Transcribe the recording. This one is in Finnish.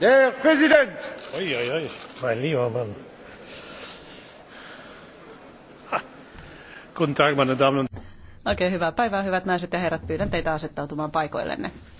Der Präsident! Uiuiui, mein lieber Mann. Guten Tag, meine Damen und Oikein hyvää päivää, hyvät naiset ja herrat. Pyydän teitä asettautumaan paikoillenne.